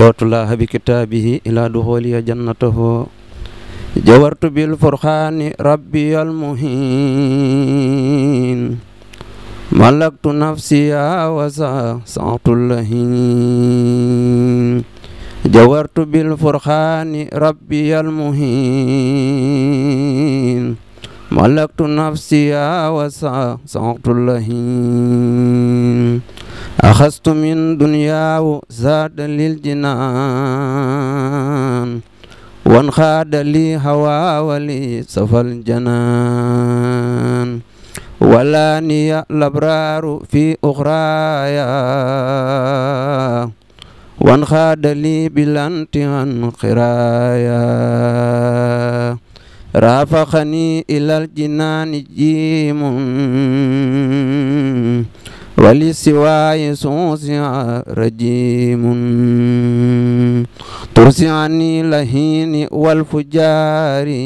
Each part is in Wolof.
jawtullaha bi kitaabihi ila duxooliya jannatahu jawartu bil furxaani rabbiyal muhin malaktu nafsiya wasa saatullahin jawartu bil أخذت من دنياه زاد للجنان وانخاد لي هوى ولي صفى الجنان ولا نيا الأبرار في أخرايا وانخاد لي بلانتها قرايا رافقني إلى الجنان جيم wali siwaay suusiya rajimun tursiani lahini wal fujari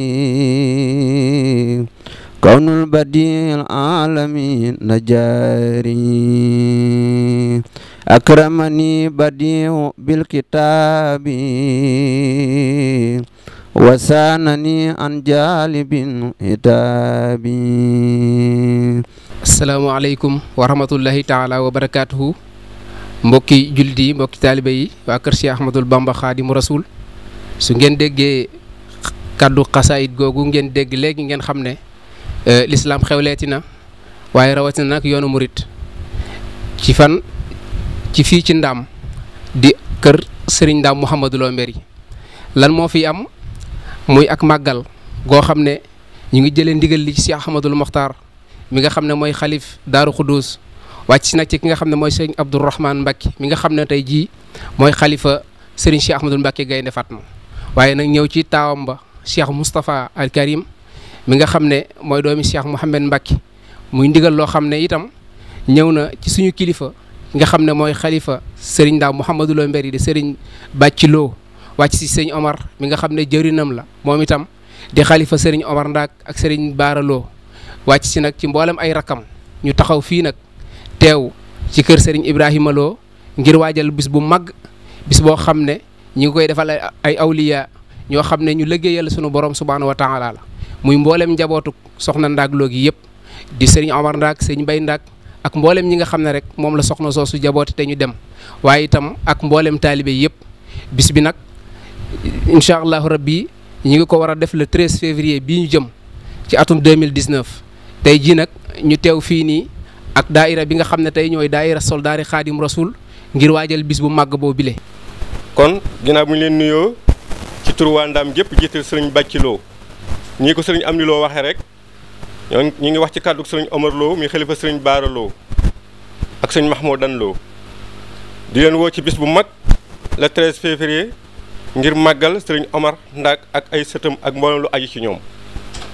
kawnul badil alamin najari akramani badiu bil kitabi wasanani an jalibin hitabi asalaamaaleykum wa rahmatullahi taala wa barakaatuhu mbokki jullit yi mbokki taalibe yi waa kër Cheikh Ahmadul Bamba Xaadimu Rasul su ngeen déggee kàddu xasaayit googu ngeen dégg léegi ngeen xam ne lislaam xewleeti na waaye rawatina nag yoonu murit ci fan ci fii ci ndaam di kër sëriñ ndaam Mouhamadou Lo Mbéri lan moo fi am muy ak màggal goo xam ne ñu ngi jëlee ndigal li ci Cheikh Ahmadul Moxtaar mi nga xam ne mooy xalif daaru xudduus wàcc si nag ci ki nga xam ne mooy sëriñ abdourahman mbàkke mi nga xam ne tey jii mooy xalifa cheikh ahmadul mbàkke gaynde fatma waaye nag ñëw ci taawam ba cheikh moustapha al karim mi nga xam ne mooy doomi cheikh mouhamed mbàkke muy ndigal loo xam itam ñëw na ci suñu kilifa nga xam ne mooy xalifa sëriñ daaw mouhamadou loo mbéri di sëriñ bàcci loo wàcc si sëriñ omar mi nga xam ne jërinam la moom itam di xalifa sëriñ omar ndaak ak sëriñ baaraloo wàcc si nag ci mboolem ay rakkam ñu taxaw fii nag teew ci kër Serigne Ibrahima ngir waajal bis bu mag bis boo xam ne ñi ngi koy defal ay awliya ñoo xam ne ñu liggéeyal sunu borom subhaanahu wa taala la muy mboolem njabootuk soxna Ndaak Lo gi yëpp di Serigne Omar Ndaak Serigne Bay Ndaak ak mboolem ñi nga xam ne rek moom la soxna soosu jabooti te ñu dem waaye itam ak mboolem taalibe yëpp bis bi nag incha allahu rabbi ñi ngi ko war a def le 13 février bi ñu jëm ci atum 2019 tay ji nak ñu tew fi ni ak daaira bi nga xamne tay ñoy daaira soldaari khadim rasul ngir waajal bis bu mag bo bile. kon ginnaaw bu ñu leen nuyoo ci tour wandam gep gépp serigne sëriñ Lo ñii ko serigne amni Lo waxe rek ñi ngi wax ci kaddu serigne Omar Lo mi khalifa serigne Baara Lo ak mahmoud dan Lo di leen wo ci bis bu mag le 13 février ngir magal serigne Omar ndak ak ay setum ak mbolam lu aji ci ñom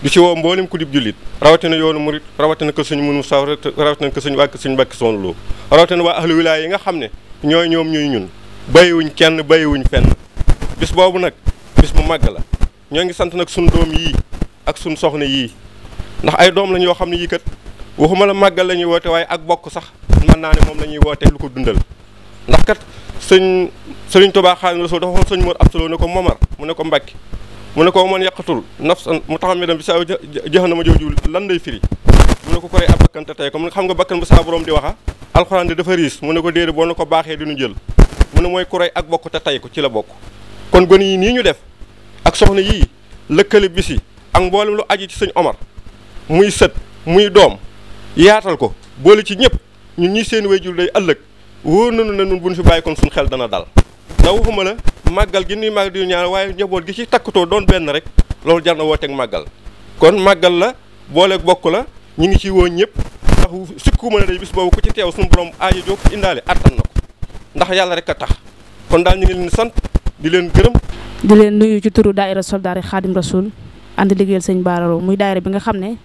du ci woo mboolem ku di jullit rawatina yoonu murit rawatina ko suñu munu saw rawatina ko suñu wàkk suñ bàkki son loo rawatina waa ahlu wilaaya yi nga xam ne ñooy ñoom ñuy ñun bàyyiwuñ kenn bàyyiwuñ fenn bis boobu nag bis mu màgg la ñoo ngi sant nag suñ doom yii ak suñ soxna yii ndax ay doom lañ yoo xam ne yii kat waxuma la màggal la ñuy woote waaye ak bokk sax mën naa ne moom la ñuy woote lu ko dundal ndax kat sëñ sëriñ Tuubaa Xaadimu Rasuul dafa waxoon sëñ Mor ne ko Momar mu ko Mbàkke mu ne ko man yàqatul nafsan mutahammidan bi saa jahannama jooju lan lay firi mu ne ko koree ab bakkan te tey comme xam nga bakkan bu saa borom di waxa alxuraan de dafa riis mu ne ko déedéet boo na ko baaxee di ñu jël mu ne mooy koree ak bokk te tey ko ci la bokk kon gone yi nii ñu def ak soxna yii lëkkale bisi ak mboolem lu aju ci sëñ Omar muy sët muy doom yaatal ko boole ci ñëpp ñun ñii seen wayjur day ëllëg wóor nañu na ñun bu ñu fi bàyyi kon suñu xel dana dal ndax waxuma la màggal gi nuy màgg di ñaan waaye njaboot gi ci takkatoo doon benn rek loolu jar na wooteeg màggal kon màggal la boole bokk la ñu ngi ciy woo ñëpp ndax sukku mën a day bis boobu ko ci teew suñu borom aajo joo indaale attan na ko ndax yàlla rek a tax kon daal ñu ngi leen sant di leen gërëm. di leen nuyu ci turu daaira soldaari xaadim rasul ànd liggéeyal sëñ Baararo muy daaira bi nga xam ne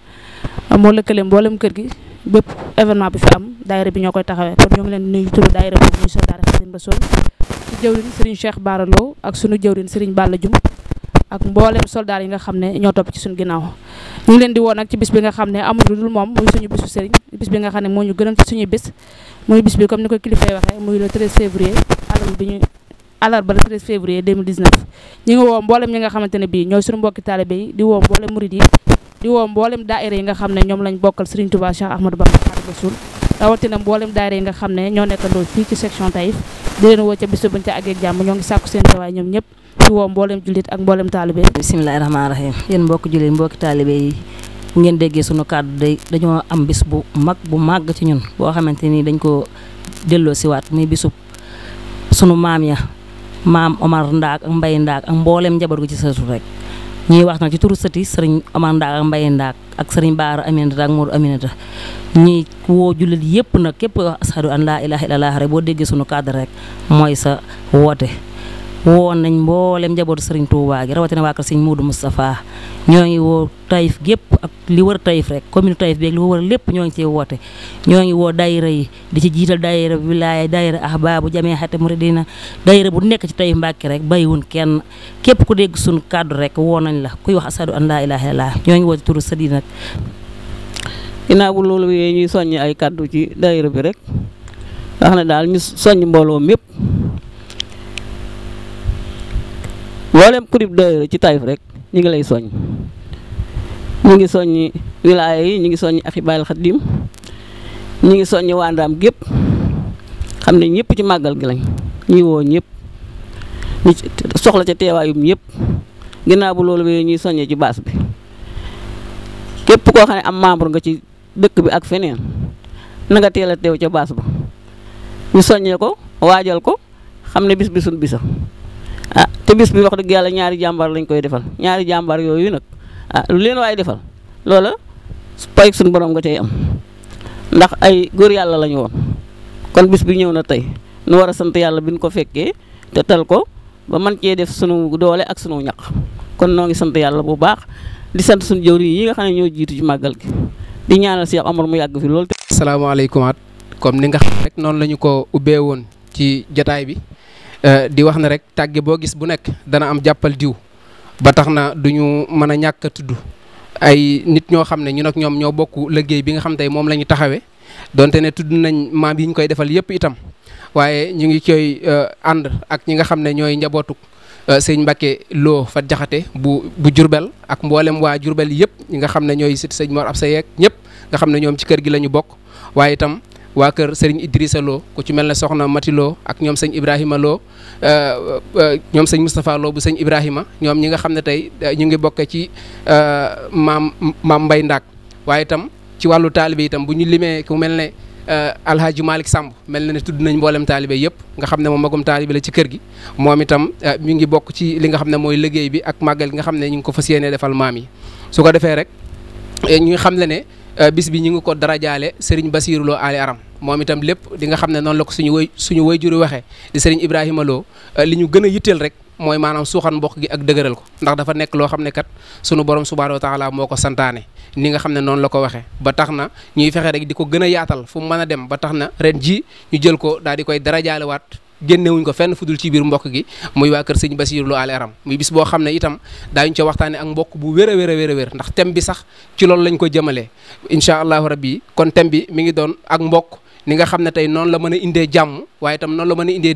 moo lëkkale mboolem kër gi. bépp événement bi fi am daayira bi ñoo koy taxawee pour ñoo ngi leen nuyu turu daayira boobu muy Soldar Xaadim Rasuul ci jëwriñ Serigne Cheikh Bara Lo ak sunu jëwriñ Serigne Balla Dioum ak mboolem soldaar yi nga xam ne ñoo topp ci suñu ginnaaw ñu ngi leen di woon nag ci bis bi nga xam ne amul lu dul moom muy suñu bisu sëriñ bis bi nga xam ne moo ñu gënal ci suñuy bis muy bis bi comme ni ko kilifay waxee muy le 13 février alarba bi ñu alarba le 13 février 2019 ñu ngi woo mboolem ñi nga xamante ne bii ñooy suñu mbokki taalibe yi di woo mboolem murid di woo daa daayira yi nga xam ne ñoom lañ bokkal Serigne Touba Cheikh Ahmadou Bamba Khadimu Rasul yi nga xam ne ñoo nekkandoo fii ci section Taïf di leen woo ca bis buñ ca àggee ak jàmm ñoo ngi sàkku seen tawaay ñoom ñëpp di woo mboolem jullit ak mboolem taalibe bisimilahi rahmaani rahim yéen mbokki jullit mbokki taalibe yi ngeen déggee sunu kàddu day dañoo am bis bu mag bu màgg ci ñun boo xamante nii dañ ko delloo siwaat muy bisub sunu maam ya maam Omar Ndaak ak Mbay Ndaak ak mboolem njaboot gu ci sëtu rek ñuy wax nag ci turu sëti sëriñ Omar Ndaak ak Mbaye Ndaak ak sëriñ Baara Aminata ak Mourou Aminata ñuy woo jullit yëpp nag képp wax ashadu an laa ilaaha illallaah rek boo déggee sunu cadre rek mooy sa woote. woon nañ mboolem njabootu sëriñ Touba gi rawatina waa kër sëriñ Muudu Moustapha ñoo ngi woo Taïf gépp ak li war Taïf rek commune Taïf beeg lépp ñoo ngi cee woote ñoo ngi woo daayira yi di ci jiital daayira wilaaya daayira ahbaabu jamiihati muridina daayira bu nekk ci Taïf Mbàkke rek bàyyiwun kenn képp ku dégg suñu kàddu rek woo nañ la kuy wax asadu ñoo ngi woote turu sëriñ nag ginnaaw bu loolu yee ñuy soññ ay kàddu ci daayira bi rek nga xam ne daal ñu soññ mbooloo mépp mboolem kurib daayira ci Taif rek ñu ngi lay soññ ñu ngi soññ wilaaya yi ñu ngi soññ Ahibaahil Khadim ñu ngi soññi waa gépp xam ne ñëpp ci màggal gi lañ ñuy woo ñëpp ñu ca teewaayum ñëpp ginnaaw bu loolu ñuy soññee ci baas bi képp koo xam ne am membre nga ci dëkk bi ak feneen na nga teel a teew ca baas ba ñu soññee ko waajal ko xam ne bis bi suñ bisa ah te bis bi wax deug yalla ñaari jambar lañ koy defal ñaari jambar yoyu nak ah lu leen way defal lola payik sun borom nga tay am ndax ay góor yalla lañ won kon bis bi ñew na tay nu wara sant ko fekke te tal ko ba man ci def sunu doole ak sunu ñak kon noo ngi sant yàlla bu baax di sant sunu jëwriñ yi nga xam ñoo jitu ci magal gi di ñaanal Cheikh Omar mu yag fi loolu. comme ni nga rek non lañu ko ubbe won ci jotaay bi. Eh, di wax ne rek tàgge boo gis bu nekk dana am jàppal diw ba tax na du ñu mën a ñàkk a tudd ay nit ñoo xam ne ñun ak ñoom ñoo bokk liggéey bi nga xam tey moom la ñu taxawee donte ne tudd nañ maam yi ñu koy defal yëpp itam waaye ñu ngi koy eh, ànd ak ñi nga xam ne ñooy njabootuk eh, sëñ Mbacke loo fa jaxate bu bu Jurbel ak mboolem waa Jurbel yëpp ñi nga xam ne ñooy sët sëñ Mor Absa yeeg ñëpp nga xam ne ñoom ci kër gi la ñu bokk waaye itam waa kër sëriñ Idrissa loo ku ci mel ne soxna Mati Lo ak ñoom sëñ Ibrahima Lo euh, euh, ñoom sëñ Moustapha Lo bu sëñ Ibrahima ñoom ñi nga xam ne tey euh, ñu ngi bokke ci maam maam Mbay Ndaak waaye itam ci wàllu taalibe itam bu ñu limee ku mel ne alhaaji Malick Samb mel na ne tudd nañ mboolem taalibe yëpp nga xam ne moom magum taalibe la ci kër gi moom itam mi ngi bokk ci li nga xam ne mooy liggéey bi ak màggal gi nga xam ne ñu ngi ko fas yéene defal maam yi su ko defee rek eh, ñu xam le ne Euh, bis bi ñu ngi ko darajaale Serigne Bassirou Lo Ali Aram moom itam lépp di nga xam ne noonu la ko suñu way suñu way juri waxee di Serigne Ibrahima loo euh, li ñu gën a yitteel rek mooy maanaam suuxan mbokk gi ak dëgëral ko ndax dafa nekk loo xam ne kat sunu borom subhaanahu wa taala moo ko santaane ni nga xam ne noonu la ko waxee ba tax na ñuy fexe rek di ko gën a yaatal fu mu mën a dem ba tax na ren jii ñu jël ko daal di koy darajaalewaat génnewuñ ko fenn fudul ci biir mbokk gi muy waa kër sëñ Basiiru lu Aram muy bis boo xam ne itam daañu ca waxtaane ak mbokk bu wér a wér a wér a wér ndax thème bi sax ci loolu lañ ko jëmalee incha allahu rabbi kon thème bi mi ngi doon ak mbokk ni nga xam ne tey noonu la mën a indee jàmm waaye tam noonu la mën a indee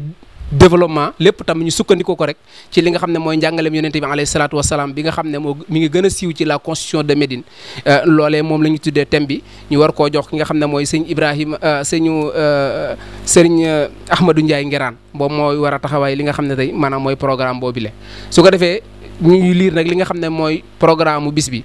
développement lépp tam ñu sukkandikoo ko rek ci li nga xam ne mooy njàngale njàngaleem yonente bi alayhi salaatu wasalaam bi nga xam ne moo mi ngi gën a siiw ci la constitution de Médine euh, loolee moom la ñu tuddee thème bi ñu war koo jox ki nga xam ne mooy sëñ Ibrahima euh, sëñu euh, sëriñ Ahmadou Ndiaye Ngeraan boobu mooy war a taxawaay li nga xam ne tey maanaam mooy programme boobu le su ko defee ñu liir nag li nga xam ne mooy programme mu bis bi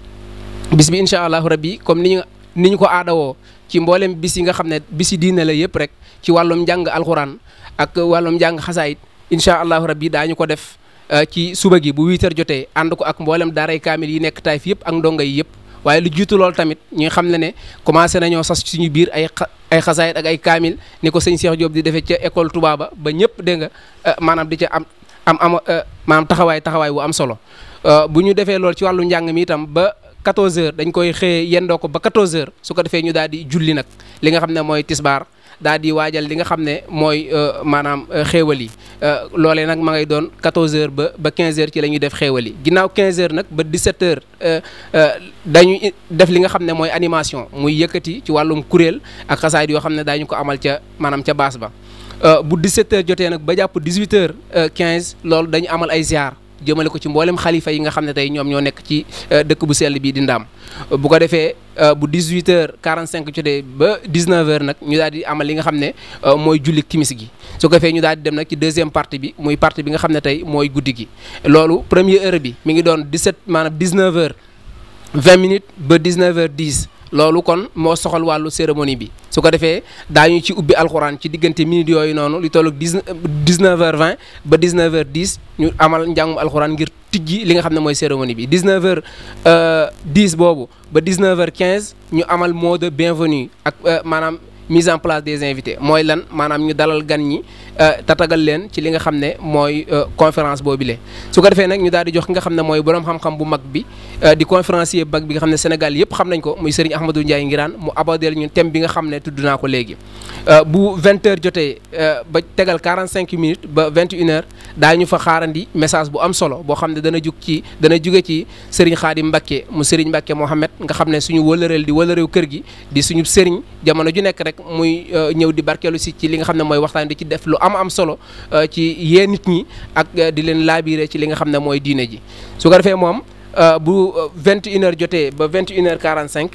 bis bi incha allahu rabbi comme ni ñu ni ñu ko aadawoo ci mboolem bis yi nga xam ne bisi diine la yëpp rek ci wàllum njàng alxuraan ak wàllum njàng xasaayit incha allahu rabbi ñu ko def euh, ci suba gi bu 8h jotee ànd ko ak mboolem daaray kaamil yi nekk Taif yëpp ak ndongo yi yëpp waaye lu jiitu lool tamit ñi xam ne ne commencé nañoo sas suñu biir ay ay xasaayit ak ay kaamil ni ko sëñ Cheikh Diop di defee ca école Touba ba ba ñëpp dégg nga euh, maanaam di ca am am am euh, maanaam taxawaay taxawaay bu am solo bu ñu defee lool ci wàllu njàng mi ba. 14 heures dañ koy xëyee yendoo ko ba 14 heures su ko defee ñu daal di julli nag li nga xam ne mooy tisbaar daal di waajal li nga xam ne mooy euh, maanaam euh, xéewal yi euh, loolee nag ma ngay doon 14 heures ba ba 15 heures ci lañuy def xéewal yi ginnaaw 15 heures nag ba 17 heures dañuy def li nga xam ne mooy animation muy yëkkati ci wàllum kuréel ak xasaayit yoo xam ne daañu ko amal ca maanaam ca baas ba bu 17 heures jotee nag ba jàpp 18 heures 15 loolu dañu amal ay ziar. jëmale ko ci mboolem xalifa yi nga xam ne tey ñoom ñoo nekk ci euh, dëkk bu sell bii di ndaam euh, bu ko defee euh, bu 18 heures 45 jotee ba 19 heures nag ñu daal di amal li nga xam ne mooy julli kimis gi su ko defee ñu daal di dem nag ci deuxième partie bi muy partie bi nga xam ne tey mooy guddi gi loolu premier heure bi mi ngi doon 17 maanaam 19 heures 20 minutes ba 19 heures 10 loolu kon moo soxal wàllu cérémonie bi su ko defee daañu ci ubbi alxuraan ci diggante minutes yooyu noonu li tollu dix neuf heures vingt ba dix neuf heures dix ñu amal njàngum alxuraan ngir tijji li nga xam ne mooy cérémonie bi dix neuf heures euh, dix boobu ba dix neuf heures quinze ñu amal mot de bienvenue ak euh, maanaam mise en place des invités mooy lan maanaam ñu dalal gan ñi euh, tatagal leen ci li nga xam ne mooy euh, conférence boobile su ko defee nag ñu daal di jox ki nga xam ne mooy borom xam-xam bu mag bi euh, di conférencier bu mag bi nga xam ne Sénégal yëpp xam nañ ko muy Serigne Ahmadou Ndiaye Nguirane mu abordeel ñu thème bi nga xam ne tudd naa ko léegi. bu 20h jotee ba tegal cinq minutes ba 21 daa ñu fa xaarandi message bu am solo boo xam ne dana jug ci dana juge ci Serigne Khadim Mbacke mu Serigne Mbacke Mohamed nga xam ne suñu wëlëreel di wëlëreew kër gi di suñu Serigne jamono ju nekk rek. rek muy euh, ñëw di barkeelu si ci li nga xam ne mooy waxtaan di ci def lu am am solo euh, ci yee nit ñi ak euh, di leen laabiire ci li nga xam ne mooy diine ji su ko defee moom bu 21 heures jotee ba vingt 21 heures cinq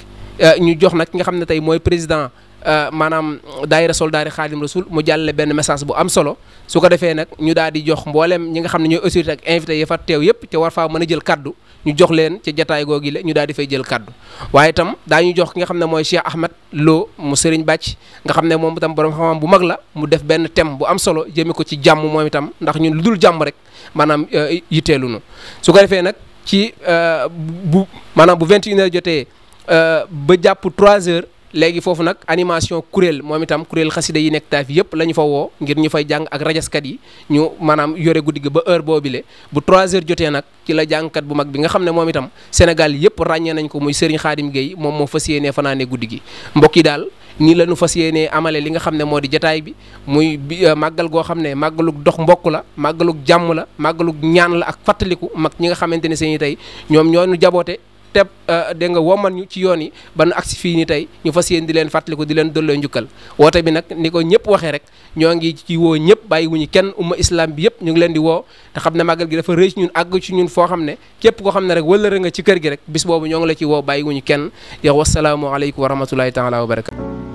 ñu jox nag ki nga xam ne tey mooy président Euh, maanaam daayira soldaari xaadim rasul mu jàllale benn message bu am solo su ko defee nag ñu daal di jox mbooleem ñi nga xam ne ñooy autorité rek invité yi fa teew yëpp te war faa mën a jël kaddu ñu jox leen ca jataay googi la ñu daal di jël kaddu waaye itam daañu jox ki nga xam ne mooy Cheikh Ahmed Lo mu Serigne Bàcc nga xam ne moom itam borom xam bu mag la mu def benn thème bu am solo jëme ko ci jàmm moom itam ndax ñun lu dul jàmm rek maanaam euh, yitteelunu su ko defee nag ci euh, bu maanaam bu 21 heures jotee ba jàpp 3 heures léegi foofu nag animation kuréel moom itam kuréel xasida yi nekk taaf yëpp la ñu fa woo ngir ñu fay jàng ak rajaskat yi ñu maanaam yore guddi gi ba heure boobile bu 3 heures jotee nag ci la jàngkat bu mag bi nga xam ne moom itam Sénégal yëpp ràññee nañ ko muy Serigne Khadim Gueye moom moo fas yéenee fanaane guddi gi mbokk yi daal nii la ñu fas yéenee amale li nga xam ne moo di jataay bi muy euh, màggal goo xam ne màggalug dox mbokk la màggalug jàmm la màggalug ñaan la ak fàttaliku mag ñi xamante ne seeni tey ñoom ñoo ñu jaboote teb euh, dégg nga woman ñu ci yoon yi ba nu agsi fii ni tey ñu fas yéen di leen fàttaliku di leen dolloo njukkal woote bi nag ni ko ñëpp waxee rek ñoo ngi ci woo ñëpp bàyyi wuñu kenn umma islam bi yëpp ñu ngi leen di woo te xam ne màggal gi dafa rëy ci ñun àgg ci ñun foo xam ne képp koo xam ne rek wëllëre nga ci kër gi rek bis boobu ñoo ngi la ci woo bàyyi wuñu kenn yox wasalaamu aleykum wa rahmatullahi taala wa barakatu